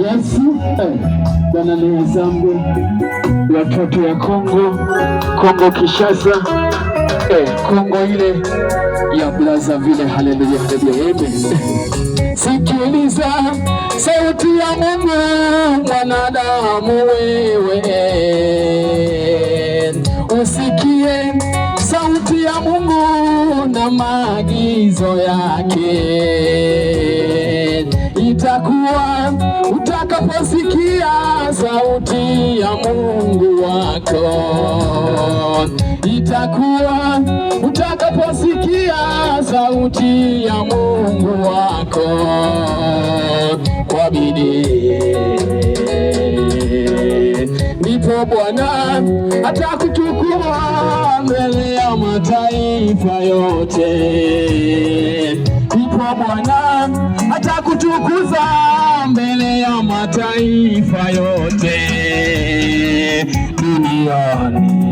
Yesu Bwana eh, neema zangu watoto ya Kongo, Kongo Kishasa eh, Kongo ile ya blaza vile. Haleluya, haleluya, amen. Sikiliza sauti ya Mungu, mwanadamu wewe usikie Mungu na maagizo yake, itakuwa utakaposikia sauti ya Mungu wako, itakuwa utakaposikia sauti ya Mungu wako kwa bidii, ndipo Bwana atakuchukua mataifa yote. Ndipo Bwana atakutukuza mbele ya mataifa yote duniani.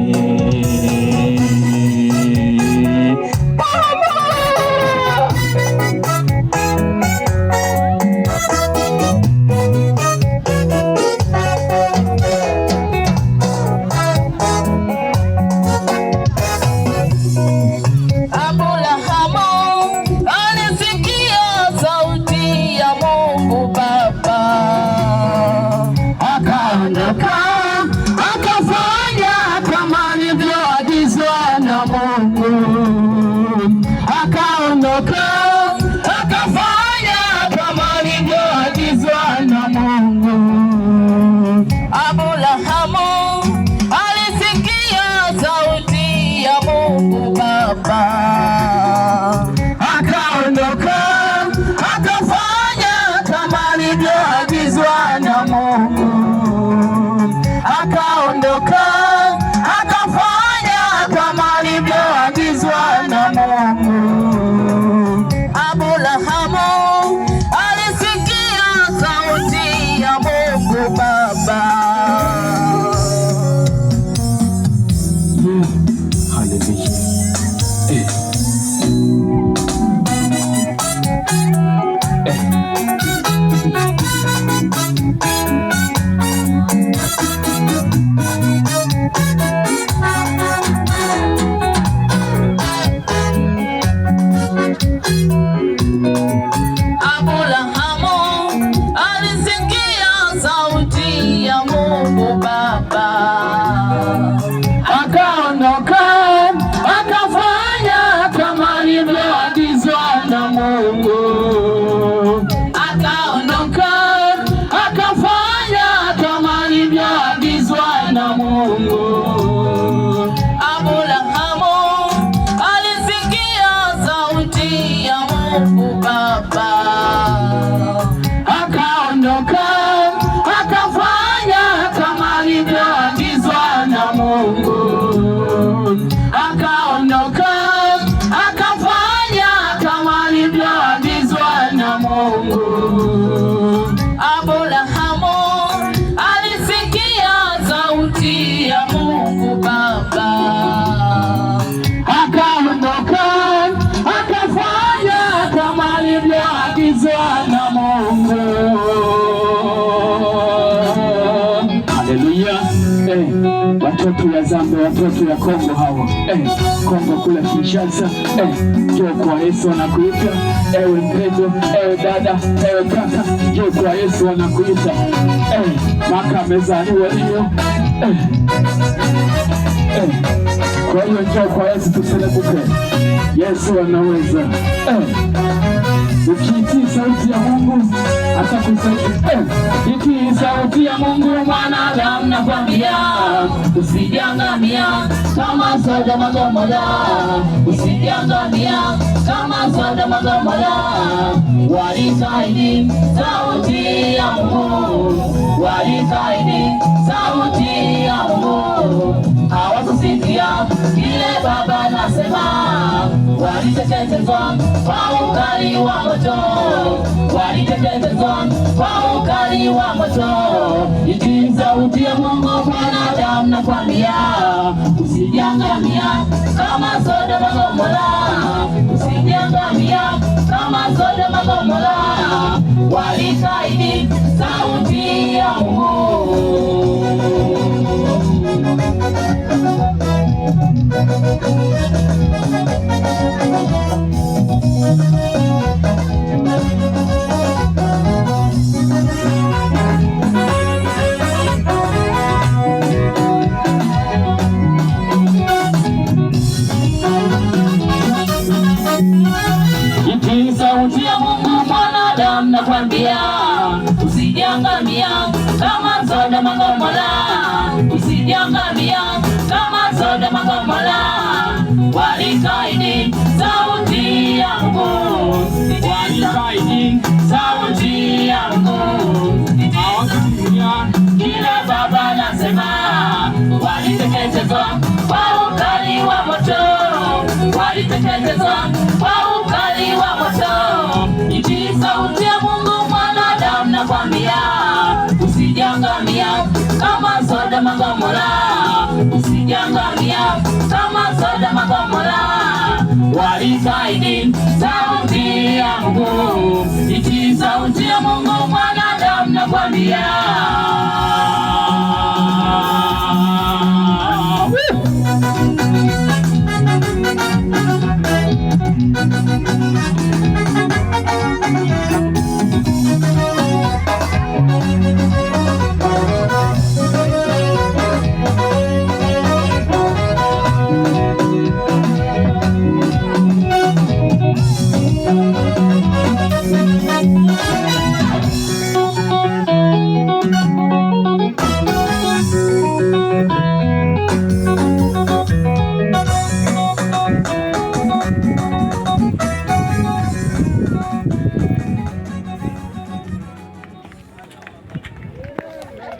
six. umeanzwa na Mungu. Haleluya! Eh, watoto ya Zambia, watoto ya Kongo hawa eh, Kongo kula Kinshasa eh, njoo kwa Yesu anakuita ewe mpendo, ewe dada, ewe kaka, njoo kwa Yesu anakuita eh, maka amezaliwa hiyo eh, eh. Kwa hiyo njoo kwa Yesu tuselebuke, Yesu anaweza eh. Ukiitii sauti ya Mungu atakusaidia eh. Itii sauti ya Mungu mwanadamu, nakwambia usijangamia kama Sodoma Gomora, usijangamia kama Sodoma Gomora. Walikaidi sauti ya Mungu, walikaidi sauti ya Mungu hawatasikia kile Baba nasema, waliteketezwa kwa ukali wa moto, waliteketezwa kwa ukali wa moto. sauti ya Mungu mwanadamu, nakwambia usijiangamia kama Sodoma Gomora, usijiangamia kama Sodoma Gomora. Walikaidi sauti ya Mungu usijiangamia kama Sodoma Gomora, usijiangamia kama Sodoma Gomora. Walikaidi sauti yangu, walikaidi sauti yangu, kile Baba nasema, waliteketezwa kwa ukali wa moto, waliteketezwa walisaidi sauti ya Mungu, iti sauti ya Mungu mwanadamu nakwambia